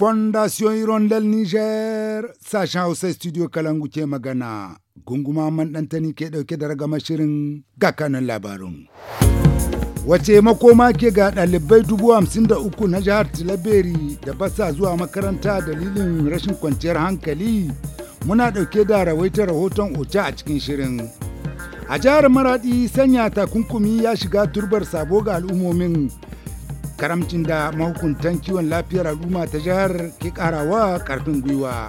Fondation Hirondel Niger sashen Hausa Studio Kalangu ke magana gunguma man ɗantani ke ɗauke da ragama shirin ga labarun. labarin. Wace makoma ke ga ɗalibai dubu hamsin da uku na jihar Tilaberi da basa zuwa makaranta dalilin rashin kwanciyar hankali muna ɗauke da rawaitar rahoton oca a cikin shirin. A jihar Maradi sanya takunkumi ya shiga turbar sabo ga al'ummomin karamcin da mahukuntan kiwon lafiyar al'umma ta jihar ke karawa karfin gwiwa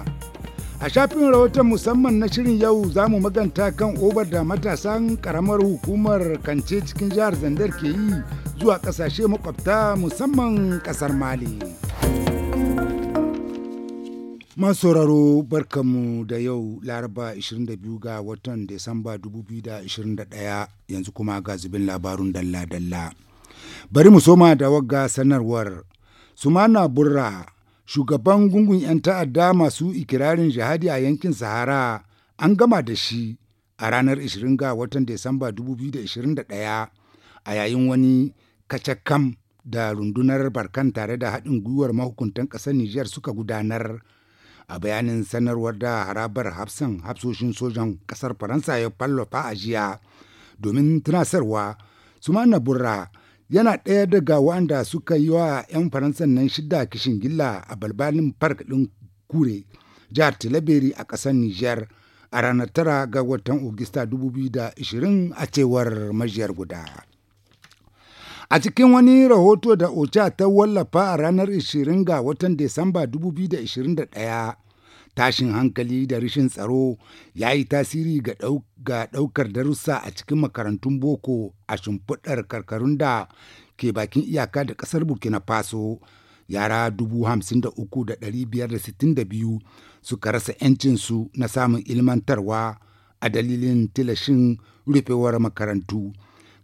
a shafin rahoton musamman na shirin yau za mu maganta kan obar da matasan karamar hukumar kance cikin jihar zandar ke yi zuwa kasashe makwabta musamman kasar mali masauraro barkamu da yau laraba 22 ga watan disamba 2021 yanzu kuma ga zubin labarun dalla-dalla Bari mu soma da wagga sanarwar. Sumana Burra, shugaban gungun 'yan ta'adda masu ikirarin jihadi a yankin Sahara, an gama da shi a ranar 20 ga watan Desamba 2021 a yayin wani kacakam da rundunar barkan tare da haɗin gwiwar mahukuntan ƙasar Nijar suka gudanar a bayanin sanarwar da harabar hafsan hafsoshin sojan ƙasar Faransa ya fallofa a jiya domin tunasarwa Sumana Burra yana ɗaya daga waɗanda suka yi wa 'yan faransan nan shida kishin gilla a balbalin park ɗin kure jihar tilaberi a ƙasar niger a ranar tara ga watan ogista 2020 a cewar majiyar guda a cikin wani rahoto da ocha ta wallafa a ranar 20 ga watan desamba 2021 tashin hankali da rashin tsaro ya yi tasiri ga ɗaukar darussa a cikin makarantun boko a shimfiɗar karkarun da ke bakin iyaka da ƙasar burkina faso yara 53,562 suka rasa 'yancinsu na samun ilmantarwa a dalilin tilashin rufewar makarantu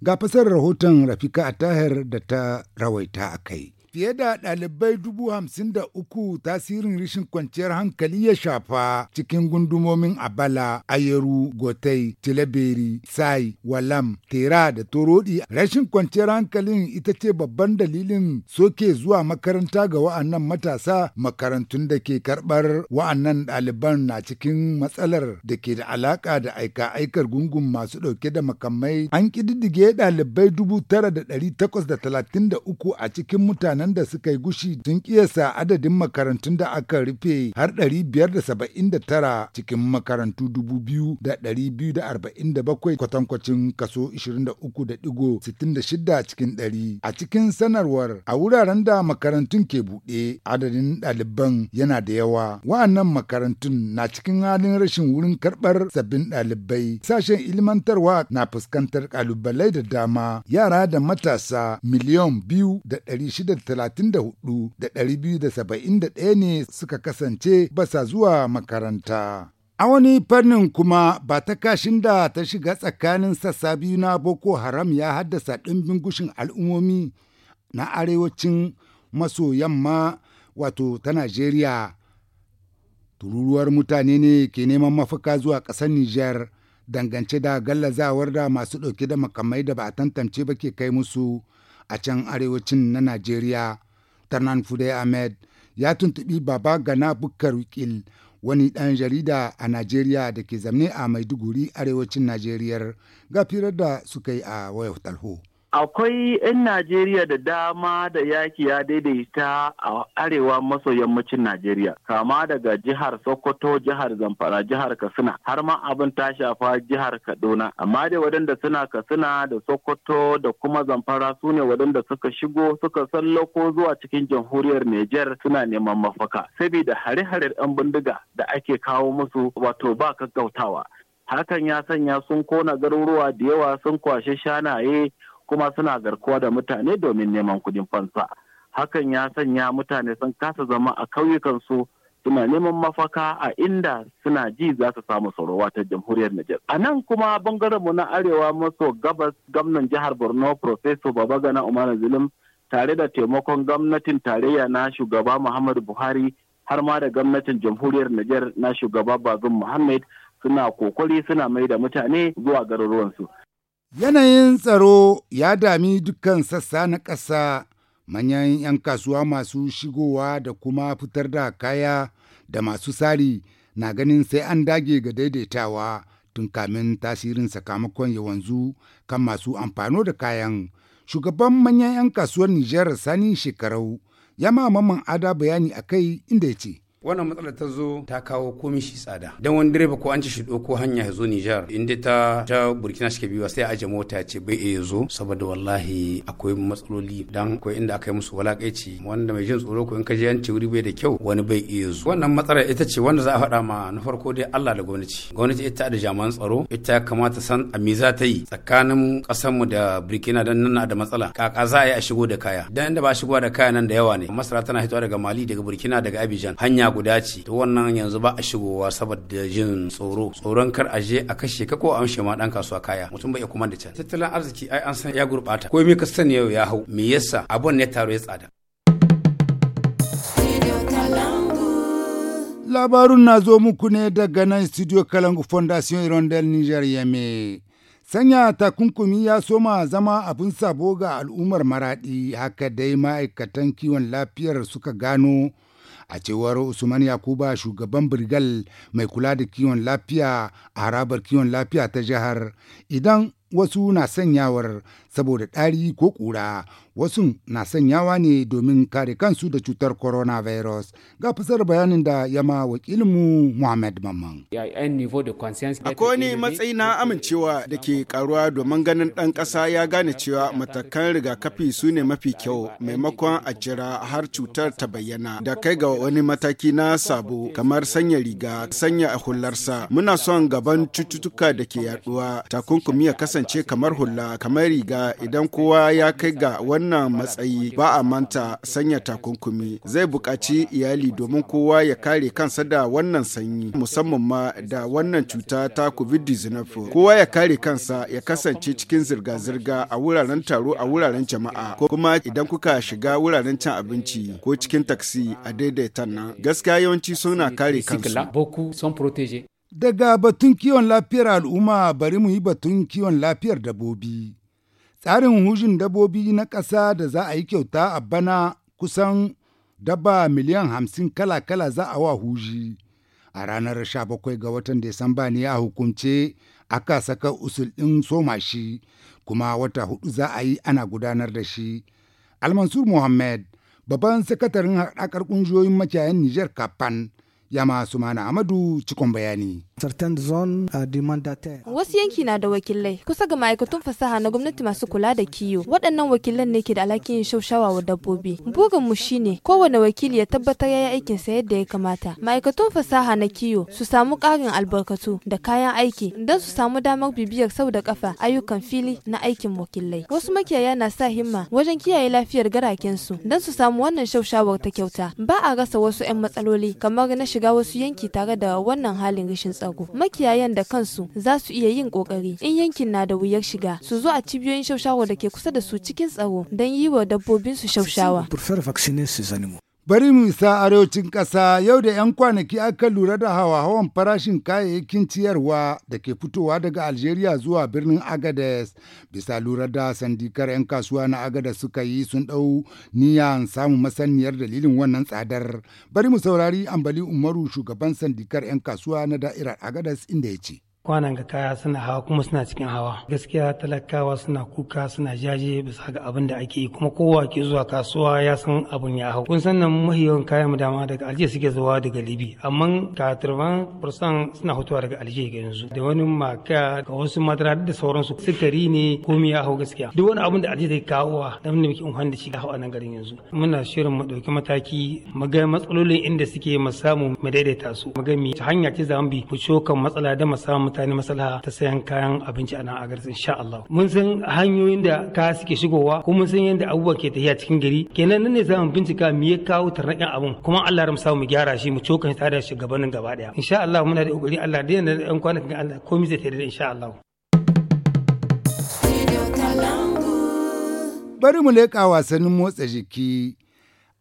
ga fasar rahoton rafika a tahir da ta rawaita a kai fiye da ɗalibai dubu hamsin da uku tasirin rishin kwanciyar hankali ya shafa cikin gundumomin abala ayeru gotai tilaberi sai walam tera da torodi rashin kwanciyar hankalin ita ce babban dalilin soke zuwa makaranta ga wa'annan matasa makarantun da ke karɓar wa'annan ɗaliban na cikin matsalar da ke da alaƙa da aika-aikar gungun masu ɗauke da makamai an ƙididdige ɗalibai dubu tara da ɗari takwas da talatin da uku a cikin mutanen waɗannan da suka yi gushi sun kiyasa adadin makarantun da aka rufe har 579 cikin makarantu 2,247 kwatankwacin kaso 23.66 cikin 100 a cikin sanarwar a wuraren da makarantun ke buɗe adadin ɗaliban yana da yawa wa'annan makarantun na cikin halin rashin wurin karɓar sabbin ɗalibai sashen ilmantarwa na fuskantar ƙalubalai da dama yara da matasa miliyan biyu da ɗari shida 34,271 ne suka kasance basa zuwa makaranta. A wani fannin kuma ba ta kashin da ta shiga tsakanin sassa biyu na Boko Haram ya haddasa ɗimbin gushin al'ummomi na arewacin maso yamma wato ta Najeriya. Tururuwar mutane ne ke neman mafaka zuwa ƙasar Nijar dangance da gallazawar da masu ɗauke da makamai da ba a tantance ba ke kai musu a can arewacin na Najeriya, Tarnan Fude Ahmed ya tuntuɓi Baba Gana Bukkar Wikil wani ɗan jarida a Najeriya da ke zamne a Maiduguri arewacin Najeriyar ga firar da suka yi a wayar talho. akwai 'yan najeriya da dama da yaki ya daidaita a arewa maso yammacin najeriya kama daga jihar sokoto jihar zamfara jihar katsina har ma abin ta shafa jihar kaduna amma dai wadanda suna katsina da sokoto da kuma zamfara sune wadanda suka shigo suka sallako zuwa cikin jamhuriyar niger suna neman mafaka saboda hare hare ɗan bindiga da ake kawo musu wato ba gaggautawa hakan ya sanya sun kona garuruwa da yawa sun kwashe shanaye kuma suna garkuwa da mutane domin neman kudin fansa hakan ya sanya mutane sun kasa zama a ƙauyukansu suna neman mafaka a inda suna ji za su samu tsaro ta jamhuriyar Nijar. A nan kuma bangaren mu na arewa maso gabas gwamnan jihar Borno Professor Babagana Umaru Zulum tare da taimakon gwamnatin tarayya na shugaba Muhammadu Buhari har ma da gwamnatin jamhuriyar Nijar na shugaba Bazum Muhammad suna kokari suna mai da mutane zuwa garuruwansu. Yanayin tsaro ya dami dukkan sassa na ƙasa, manyan 'yan kasuwa masu shigowa da kuma fitar da kaya da masu tsari na ganin sai an dage ga daidaitawa tun kamin tasirin sakamakon yawanzu kan masu amfano da kayan. Shugaban manyan 'yan kasuwar Nijar Sani Shekarau ya ma mamman ada bayani a kai inda ya ce. wannan matsalar ta zo ta kawo komi shi tsada dan wani direba ko an ci shi ko hanya ya zo Nijar inda ta ta Burkina shi biyu sai aje mota ce bai iya zo saboda wallahi akwai matsaloli dan akwai inda aka yi musu walakaici wanda mai jin tsoro ko in ka je an wuri bai da kyau wani bai iya zo wannan matsalar ita ce wanda za a faɗa ma na farko dai Allah da gwamnati gwamnati ita da jami'an tsaro ita ya kamata san a me za ta yi tsakanin mu da Burkina dan nan da matsala kaka za a yi a shigo da kaya dan inda ba shigo da kaya nan da yawa ne masara tana hitowa daga Mali daga Burkina daga Abidjan hanya guda ce to wannan yanzu ba a shigowa saboda jin tsoro tsoron kar a je a kashe ka ko a amshe ma dan kasuwa kaya mutum bai kuma da can tattalin arziki ai an san ya gurbata ko me ka sani yau ya hau me yasa abun ne taro ya tsada Labarun na zo muku ne daga nan Studio Kalangu foundation rondel Niger Yame. Sanya takunkumi ya soma zama abin sabo ga al'ummar maraɗi haka dai ma'aikatan kiwon lafiyar suka gano a cewar usman yakuba shugaban birgal mai kula da kiwon lafiya a harabar kiwon lafiya ta jihar idan wasu na sanyawar saboda ɗari ko ƙura wasu na sanyawa ne domin kare kansu da cutar coronavirus ga fasar bayanin da yama wakilinmu muhammad mamman akwai wani matsayi na amincewa da ke karuwa domin ganin ɗan ƙasa ya gane cewa matakan rigakafi su ne mafi kyau maimakon a jira har cutar ta bayyana da kai ga wani mataki na sabo kamar sanya riga sanya hularsa muna son gaban cututtuka da ke yaduwa takunkumi ya kasance kamar hula kamar riga idan kowa ya kai ga wannan matsayi ba a manta sanya takunkumi zai buƙaci iyali domin kowa ya kare kansa da wannan sanyi musamman ma da wannan cuta ta covid-19 kowa ya kare kansa ya kasance cikin zirga-zirga a wuraren taro a wuraren jama'a ko kuma idan kuka shiga wuraren cin abinci ko cikin taksi a daidaita nan gaskiya yawanci suna kare kansu daga batun kiwon lafiyar al'umma bari mu yi batun kiwon lafiyar dabbobi. Tsarin hujin dabobi na ƙasa da za a yi kyauta a bana kusan daba miliyan hamsin kala-kala za a wa huji. A ranar 17 ga watan Desamba ne a hukunce aka saka usul ɗin soma shi, kuma wata hudu za a yi ana gudanar da shi. Almansur Mohamed, babban sakataren haɗakar ƙungiyoyin makiyayan Nijar kapan ya masu mana Amadu cikon bayani. Euh, wasu yanki na da wakilai kusa ga ma'aikatun fasaha na gwamnati masu kula da kiyo. Waɗannan wakilan ne ke da alhakin yin shaushawa wa dabbobi. Bugan mu shine kowane wakili ya tabbatar ya yi aikin sa yadda ya kamata. Ma'aikatun fasaha na kiyo su samu ƙarin albarkatu da kayan aiki don su samu damar bibiyar sau da kafa ayyukan fili na aikin wakilai. Wasu makiyaya na sa himma wajen kiyaye lafiyar garaken su don su samu wannan shaushawar ta kyauta. Ba a rasa wasu 'yan matsaloli kamar na shiga wasu yanki tare da wannan halin rashin tsaro. tsago. makiyayan da kansu za su iya yin kokari in yankin na da wuyar shiga su zo a cibiyoyin shaushawa da ke kusa da su cikin tsaro don yi wa dabbobin su shaushawa Bari mu isa arewacin ƙasa yau da 'yan kwanaki aka lura da hawa-hawan farashin kayayyakin ciyarwa da ke fitowa daga Algeria zuwa birnin Agades. Bisa lura da sandikar 'yan kasuwa na Agades suka yi sun ɗau niyan samun masaniyar dalilin wannan tsadar. Bari mu saurari Ambali Umaru shugaban sandikar 'yan kasuwa na da'irar Agades inda ya ce. kwanan ga kaya suna hawa kuma suna cikin hawa gaskiya talakawa suna kuka suna jaje bisa ga abin da ake yi kuma kowa ke zuwa kasuwa ya san abin ya hau kun san nan mahiyawan kayan dama daga alje suke zuwa daga libi amma katirban fursan suna hutuwa daga alje ga yanzu da wani maka ga wasu madara da sauransu sukari ne komi ya hau gaskiya duk wani abin da alje zai kawo wa da muke amfani da shi ga hau nan garin yanzu muna shirin mu dauki mataki mu ga matsalolin inda suke mu samu mu daidaita su mu ga hanya ce bi mu cokan matsala da mu samu mutane masala ta sayan kayan abinci a nan a garin insha Allah mun san hanyoyin da kaya suke shigowa kuma mun san yadda abubuwa ke tafiya cikin gari kenan nan ne za mu bincika me ya kawo tarnaƙin abun kuma Allah ya samu mu gyara shi mu cokan tare da shugabannin gaba daya insha Allah muna da kokari Allah da yanda ɗan kwanakin Allah komai zai tare da insha Allah bari mu leƙa wasannin motsa jiki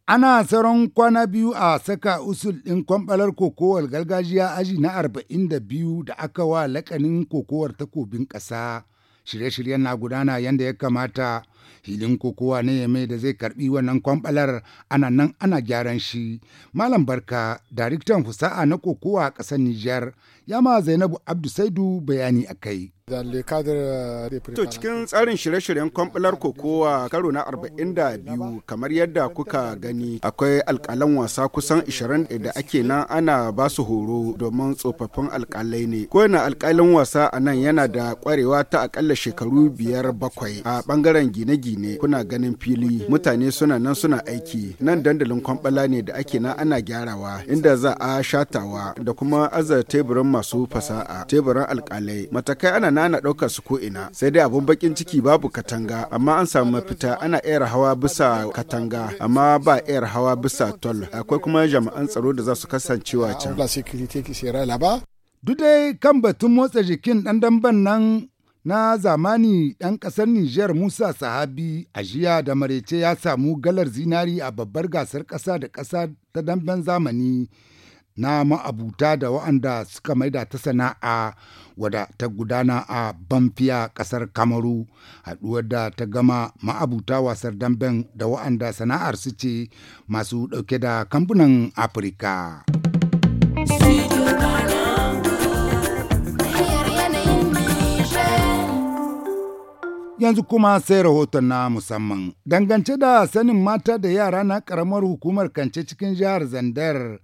Ana tsaron kwana biyu a saka usul ɗin kwamɓalar kokowar gargajiya aji na arba'in da biyu da aka wa lakanin kokowar takobin ƙasa. Shirye-shiryen na gudana yadda ya kamata. Hilin kokowa na mai da zai karbi wannan kwamɓalar ana nan ana gyaran shi. Malam Barka, daraktan fusa'a na kokowa a ƙasar Nijar, ya ma Zainabu Abdu Saidu bayani a kai. Eh, to cikin tsarin shirye-shiryen kwamfular kokowa karo na 42 kamar yadda kuka gani akwai alkalan wasa kusan 20 da ake nan ana ba su horo domin tsofaffin alkalai ne. Kowane alkalin wasa a nan yana da kwarewa ta akalla shekaru biyar bakwai a bangaren gine-gine kuna ganin fili mutane suna nan suna aiki nan dandalin kwamfula ne da ake nan ana gyarawa inda za a shatawa da kuma aza teburin masu fasa'a teburin alkalai matakai ana ma'ana ɗaukar su ko'ina sai dai abun bakin ciki babu katanga amma an samu mafita ana 'yar hawa bisa katanga amma ba 'yar hawa bisa tol akwai kuma jami'an tsaro da za su kasancewa can. Duk dai kan batun motsa jikin ɗan damban nan na zamani ɗan ƙasar Nijar Musa Sahabi a jiya da marece ya samu galar zinari a babbar gasar ƙasa da ƙasa ta damben zamani na ma'abuta da wa'anda suka maida ta sana'a wada ta gudana a bamfiya kasar kamaru haɗuwar da ta gama ma'abuta wasar damben da wa'anda sana'ar su ce masu ɗauke da kambunan afirka yanzu kuma sai rahoton na musamman dangance da sanin mata da yara na karamar hukumar kance cikin jihar zandar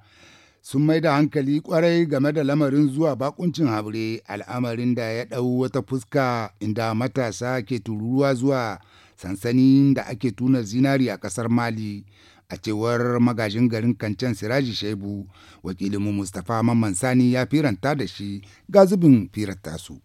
sun mai da hankali kwarai game da lamarin zuwa bakuncin habre al'amarin da ya ɗau wata fuska inda matasa ke tururuwa zuwa sansanin da ake tuna zinari a ƙasar mali a cewar magajin garin kancan siraji shaibu wakilinmu mustapha mamman sani ya firanta da shi ga zubin firanta su.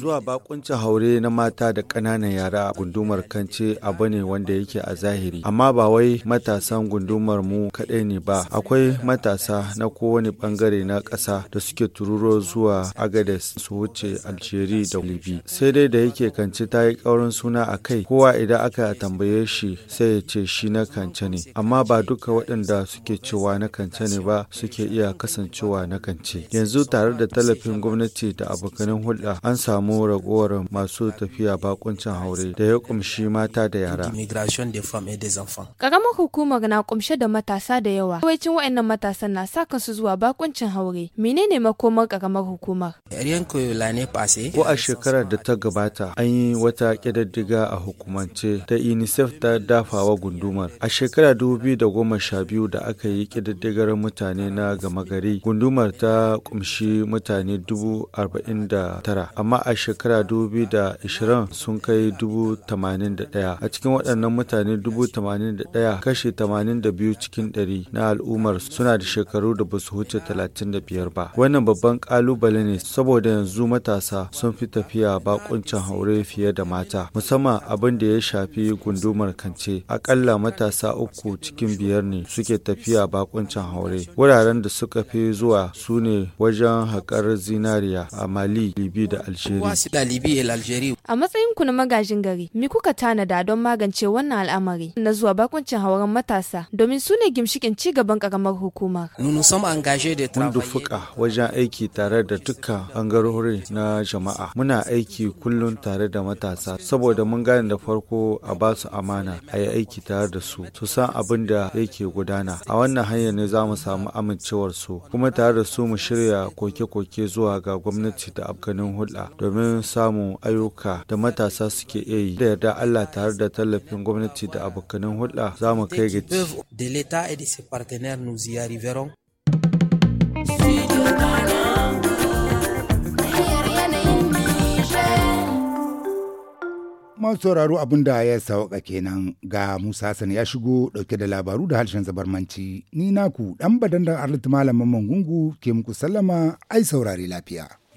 Zuwa bakuncin haure na mata da ƙananan yara gundumar kance abu ne wanda yake a zahiri, amma ba wai matasan gundumar mu kaɗai ne ba. Akwai matasa na kowane ɓangare na ƙasa da suke tururo zuwa Agades su wuce Aljeri da Libi. Sai dai da yake kance ta yi ƙaurin suna a kai, kowa idan aka tambaye shi sai ya ce shi na kance ne. Amma ba duka waɗanda suke cewa na kance ne ba suke iya kasancewa na kance. Yanzu tare da tallafin gwamnati da abokan tsakanin hulɗa an samu ragowar masu tafiya bakuncin haure da ya kumshi mata da yara. ƙaramar hukumar na kumshe da matasa da yawa. Yawancin waɗannan matasan na sa kansu zuwa bakuncin haure. Menene makomar karamar hukumar? Ko a shekarar da ta gabata an yi wata ƙididdiga a hukumance da UNICEF ta dafawa gundumar. A shekarar biyu da aka yi ƙididdigar mutane na gama gari gundumar ta kumshi mutane dubu arba'in da tara amma a shekara 2020 sun kai 81,000 a cikin waɗannan mutane 81,000 kashi 82 cikin 100 na al'ummar suna da shekaru da ba su huce 35 ba wannan babban kalubale ne saboda yanzu matasa sun fi tafiya bakuncin haure fiye da mata musamman abin da ya shafi gundumar kance akalla matasa uku cikin biyar ne suke tafiya bakuncin haure wuraren da suka fi zuwa su ne wajen haƙar zinariya a mali Libi da Algeria. A matsayin ku na magajin gari, me kuka tanada don magance wannan al'amari na zuwa bakuncin hauren matasa domin su ne gimshikin ci gaban karamar hukumar. Mun dufuka wajen aiki tare da dukkan bangarori na jama'a. Muna aiki kullum tare da matasa saboda mun gane da farko a ba su amana a yi aiki tare da su su san abin da yake gudana. A wannan hanyar ne za mu samu amincewar su kuma tare da su mu shirya koke-koke zuwa ga gwamnati da abokanin hulɗa domin samun ayyuka da matasa suke iya yi da yarda Allah tare da tallafin gwamnati da abokanin hulɗa za mu kai gaci. masu sauraro abin da ya sauka kenan ga Musa Hassan ya shigo dauke da labaru da harshen zabarmanci ni naku dan badan da Arlit mangungu ke muku sallama ai saurari lafiya.